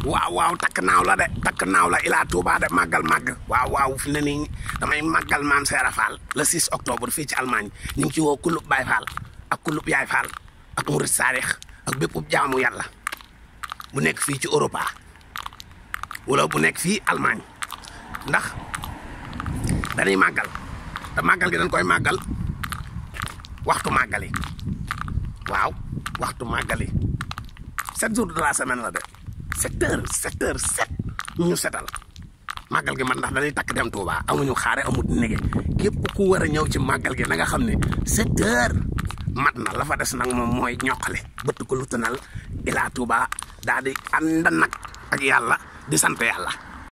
Wow, waaw tak naaw la de takk naaw la ilaa Touba de màggal màgg waaw waaw fi ne nii damay màggal maam Seera Fall le 6 octobre fii ci Allemagne ñu ngi ci woo kulub Baye Fall ak kulub Yaay Fall ak murit saarix ak bépp jaamu yàlla bu nekk fii ci Europa wala bu nekk fii Allemagne ndax dañuy màggal te màggal gi dañ koy màggal waxtu màggali waaw waxtu màggali jours sept heures set heures sept ñu setal màggal gi man ndax dañuy takk dem Touba amuñu xaare amut nege képp ku war a ñëw ci màggal gi na nga xam ne sept heures mat na la fa des nag moom mooy ñoqale bëtt ko lu tanal ilaa Touba daal di ànd nag ak yàlla di sant yàlla